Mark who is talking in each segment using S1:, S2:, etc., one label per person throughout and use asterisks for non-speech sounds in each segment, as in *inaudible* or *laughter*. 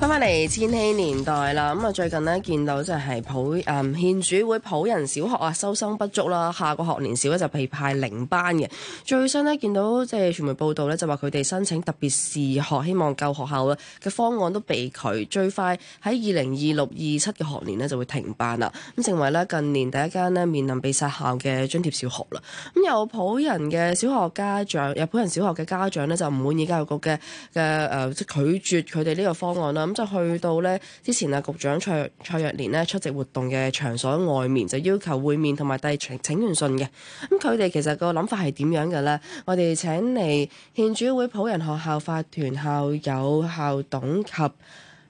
S1: 翻翻嚟千禧年代啦，咁啊最近咧見到就係普誒，獻、嗯、主會溥仁小學啊，收生不足啦，下個學年小學就被派零班嘅。最新咧見到即係傳媒報道咧，就話佢哋申請特別視學，希望救學校嘅方案都被拒，最快喺二零二六二七嘅學年咧就會停辦啦，咁成為咧近年第一間咧面臨被殺校嘅津貼小學啦。咁有溥仁嘅小學家長，有溥仁小學嘅家長咧就唔滿意教育局嘅嘅誒，即、呃、拒絕佢哋呢個方案啦。咁就去到呢之前啊，局長蔡蔡若蓮咧出席活動嘅場所外面，就要求會面同埋遞請願信嘅。咁佢哋其實個諗法係點樣嘅咧？我哋請嚟獻主會溥仁學校法團校友、校董及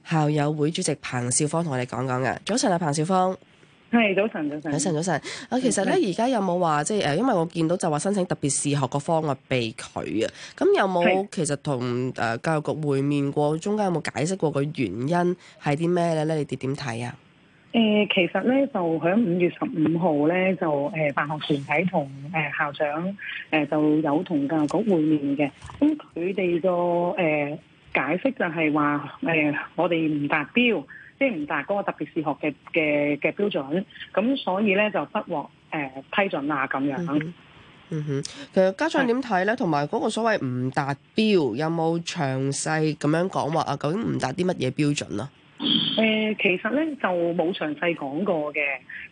S1: 校友會主席彭少芳同我哋講講嘅。早晨啊，彭少芳。係早
S2: 晨，早晨，早晨，
S1: 早晨啊！其實咧，而家有冇話即係誒？因為我見到就話申請特別視學個方案被拒啊！咁有冇其實同誒教育局會面過？中間有冇解釋過個原因係啲咩咧？咧你哋點睇啊？
S2: 誒，其實咧就喺五月十五號咧就誒，辦學團體同誒校長誒就有同教育局會面嘅。咁佢哋個誒解釋就係話誒，我哋唔達標。即係唔達嗰個特別視學嘅嘅嘅標準，咁所以咧就不獲誒、呃、批准啊咁樣嗯。
S1: 嗯哼，其實家長點睇咧？同埋嗰個所謂唔達標，有冇詳細咁樣講話啊？究竟唔達啲乜嘢標準啊？
S2: 誒、呃，其實咧就冇詳細講過嘅。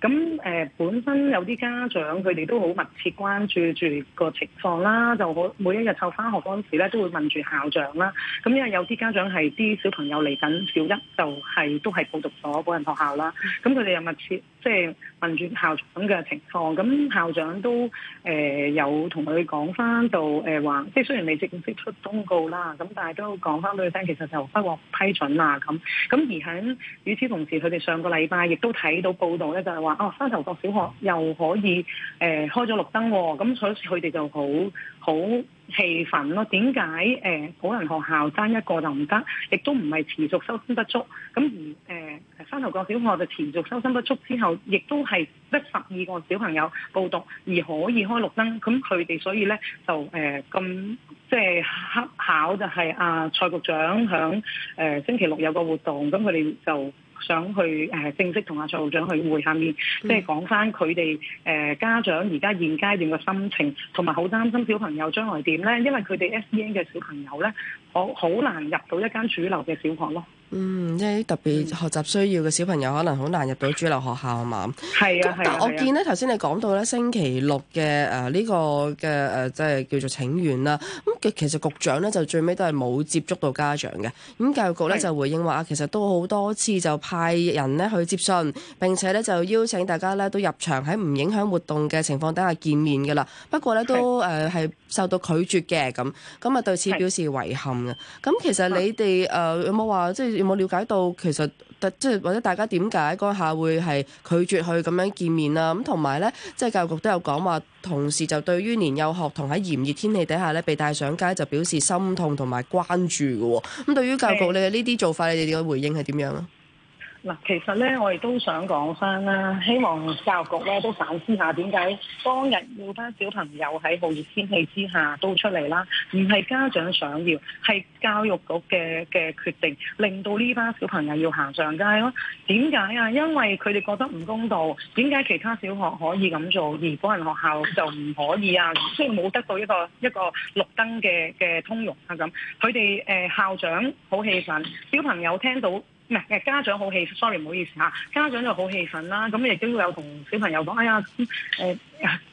S2: 咁、嗯、誒、呃，本身有啲家長佢哋都好密切關注住個情況啦，就好每一日湊返學嗰陣時咧，都會問住校長啦。咁、嗯、因為有啲家長係啲小朋友嚟緊小一，就是，就係都係報讀咗溥仁學校啦。咁佢哋又密切即係，就是、問住校長咁嘅情況。咁、嗯、校長都誒有同佢講翻到誒話，呃，即係雖然未正式出公告啦，咁但係都講翻俾佢聽，其實就不獲批准啊咁。咁而喺與此同時，佢哋上個禮拜亦都睇到報道咧，就係話哦，沙頭角小學又可以誒、呃、開咗綠燈喎、哦，咁所以佢哋就好。好氣憤咯，點解誒、溥、呃、仁學校爭一個就唔得，亦都唔係持續收生不足。咁而誒山、呃、頭角小學就持續收生不足之後，亦都係得十二個小朋友報讀而可以開綠燈。咁佢哋所以咧就誒咁、呃、即係恰巧就係阿蔡局長響誒、呃、星期六有個活動，咁佢哋就。想去誒正式同阿蔡校長去會下面，即係講翻佢哋誒家長而家現階段嘅心情，同埋好擔心小朋友將來點咧？因為佢哋 S E N 嘅小朋友咧，好好難入到一間主流嘅小學咯。
S1: 嗯，即係特別學習需要嘅小朋友，可能好難入到主流學校啊嘛。係啊， *music* 但我見咧，頭先你講到咧，星期六嘅誒呢個嘅誒即係叫做請願啦。咁其實局長咧就最尾都係冇接觸到家長嘅。咁教育局咧就回應話啊，其實都好多次就派人咧去接信，並且咧就邀請大家咧都入場喺唔影響活動嘅情況底下見面嘅啦。不過咧都誒係是的、呃、受到拒絕嘅咁，咁啊對此表示遺憾嘅。咁的、嗯、其實你哋誒、呃、有冇話即係。有冇了解到其實即係或者大家點解嗰下會係拒絕去咁樣見面啊？咁同埋咧，即係教育局都有講話，同時就對於年幼學童喺炎熱天氣底下咧被帶上街，就表示心痛同埋關注㗎喎。咁對於教育局你嘅呢啲做法，你哋點嘅回應係點樣咧？
S2: 嗱，其實咧，我哋都想講翻啦，希望教育局咧都反思下點解當日要班小朋友喺酷熱天氣之下都出嚟啦，唔係家長想要，係教育局嘅嘅決定，令到呢班小朋友要行上街咯。點解啊？因為佢哋覺得唔公道。點解其他小學可以咁做，而溥仁學校就唔可以啊？即係冇得到一個一個綠燈嘅嘅通融啊？咁佢哋誒校長好氣憤，小朋友聽到。唔係誒家長好氣，sorry 唔好意思嚇，家長就好氣憤啦。咁亦都有同小朋友講，哎呀誒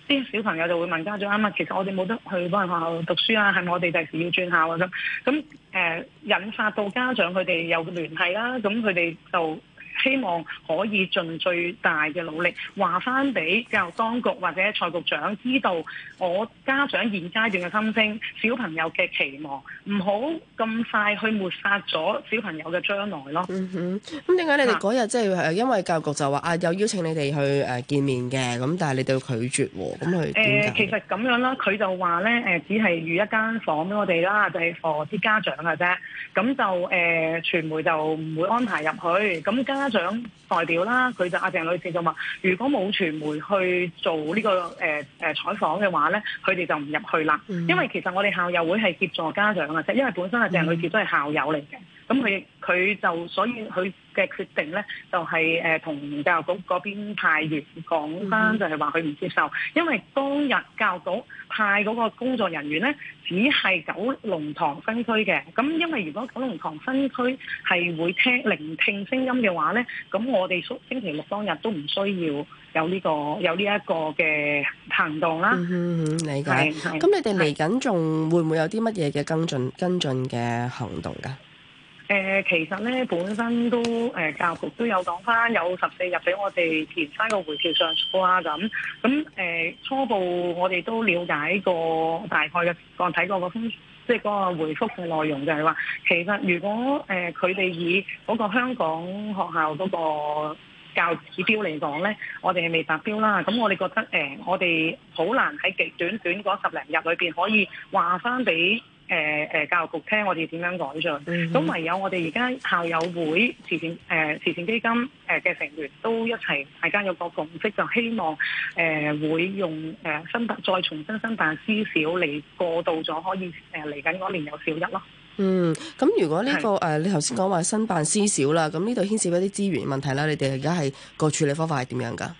S2: 啲、呃、小朋友就會問家長啊，其實我哋冇得去嗰間學校讀書啊，係咪我哋第時要轉校啊咁？咁誒、呃、引發到家長佢哋有聯繫啦，咁佢哋就。希望可以盡最大嘅努力，話翻俾教育當局或者蔡局長知道我家長現階段嘅心聲，小朋友嘅期望，唔好咁快去抹殺咗小朋友嘅將來咯。嗯哼，咁點解你哋嗰
S1: 日即係因為教育局就話啊，有邀請你哋去誒見面嘅，咁但係你哋都要拒絕喎？咁佢誒其
S2: 實咁樣啦，佢就話咧誒，只係預一間房俾我哋啦，就係坐啲家長嘅啫，咁就誒、呃、傳媒就唔會安排入去，咁家。長代表啦，佢就阿鄭女士就話，如果冇傳媒去做呢個誒誒採訪嘅話咧，佢哋就唔入去啦。因為其實我哋校友會係協助家長啊，即因為本身阿鄭女士都係校友嚟嘅，咁佢佢就所以佢。嘅決定咧，就係誒同教育局嗰邊派員講返，嗯、就係話佢唔接受，因為當日教育局派嗰個工作人員咧，只係九龍塘分區嘅。咁因為如果九龍塘分區係會聽聆聽聲音嘅話咧，咁我哋星期六當日都唔需要有呢個有呢一個嘅行動啦。嗯，理解。咁、嗯、你哋嚟
S1: 緊仲會唔會有啲乜嘢嘅跟進跟進嘅行動㗎？
S2: 誒、呃，其實咧，本身都誒、呃，教育局都有講翻有十四日俾我哋填翻個回條上訴咁。咁誒、呃，初步我哋都了解過大概嘅，我睇過個即係嗰個回覆嘅內容就係話，其實如果誒佢哋以嗰個香港學校嗰個教育指標嚟講咧，我哋係未達標啦。咁我哋覺得誒、呃，我哋好難喺極短短嗰十零日裏邊可以話翻俾。誒誒，教育局聽我哋點樣改進，咁、mm hmm. 唯有我哋而家校友會慈善誒、呃、慈善基金誒嘅成員都一齊，大家有個共識，就希望誒、呃、會用誒、呃、申辦再重新申辦私小嚟過渡咗，可以誒嚟緊嗰年有小一咯。嗯，
S1: 咁如果呢個誒你頭先講話申辦私小啦，咁呢度牽涉一啲資源問題啦，你哋而家係個處理方法係點樣噶？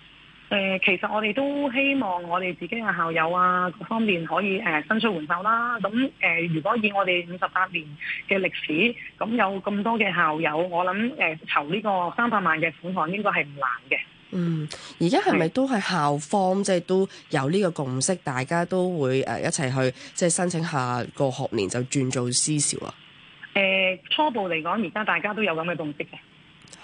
S2: 誒，其實我哋都希望我哋自己嘅校友啊，各方面可以誒、呃、伸出援手啦。咁、呃、誒，如果以我哋五十八年嘅歷史，咁有咁多嘅校友，我諗誒、呃、籌呢個三百萬嘅款項應該係唔難嘅。
S1: 嗯，而家係咪都係校方即係是都有呢個共識，大家都會誒、呃、一齊去即係、就是、申請下個學年就轉做私校啊？
S2: 誒、呃，初步嚟講，而家大家都有咁嘅共識嘅。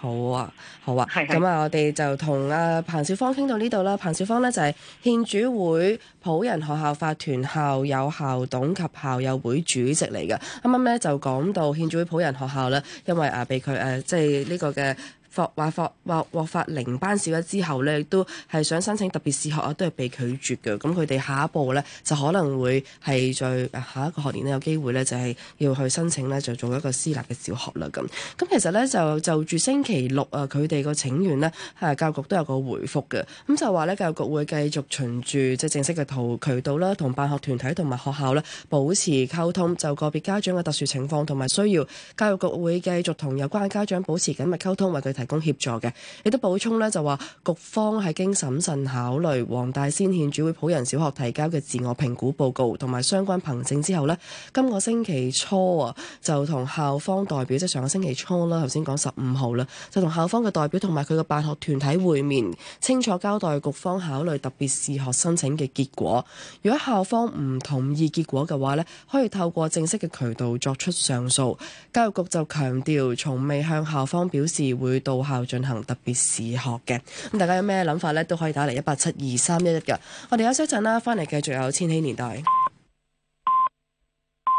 S1: 好啊，好啊，咁啊的、嗯，我哋就同阿彭少芳傾到呢度啦。彭少芳咧就係、是、獻主會溥仁學校法團校友校董及校友會主席嚟嘅。啱啱咧就講到獻主會溥仁學校咧，因為啊，被佢誒、呃，即係呢個嘅。獲話獲獲獲發零班小一之後咧，亦都係想申請特別視學啊，都係被拒絕嘅。咁佢哋下一步咧，就可能會係在下一個學年呢，有機會咧，就係、是、要去申請咧，就做一個私立嘅小學啦。咁咁其實咧就就住星期六啊，佢哋個請願咧，誒、啊、教育局都有個回覆嘅。咁就話咧，教育局會繼續循住即係、就是、正式嘅渠道啦，同辦學團體同埋學校咧保持溝通。就個別家長嘅特殊情況同埋需要，教育局會繼續同有關嘅家長保持緊密溝通，為佢提供協助嘅，亦都補充咧就話，局方喺經審慎考慮黃大仙獻主會溥仁小學提交嘅自我評估報告同埋相關憑證之後咧，今個星期初啊，就同校方代表即係上個星期初啦，頭先講十五號啦，就同校方嘅代表同埋佢嘅辦學團體會面，清楚交代局方考慮特別視學申請嘅結果。如果校方唔同意結果嘅話咧，可以透過正式嘅渠道作出上訴。教育局就強調從未向校方表示會。到校進行特別視學嘅，咁，大家有咩諗法呢？都可以打嚟一八七二三一一嘅。我哋休息一陣啦，翻嚟繼續有《千禧年代》。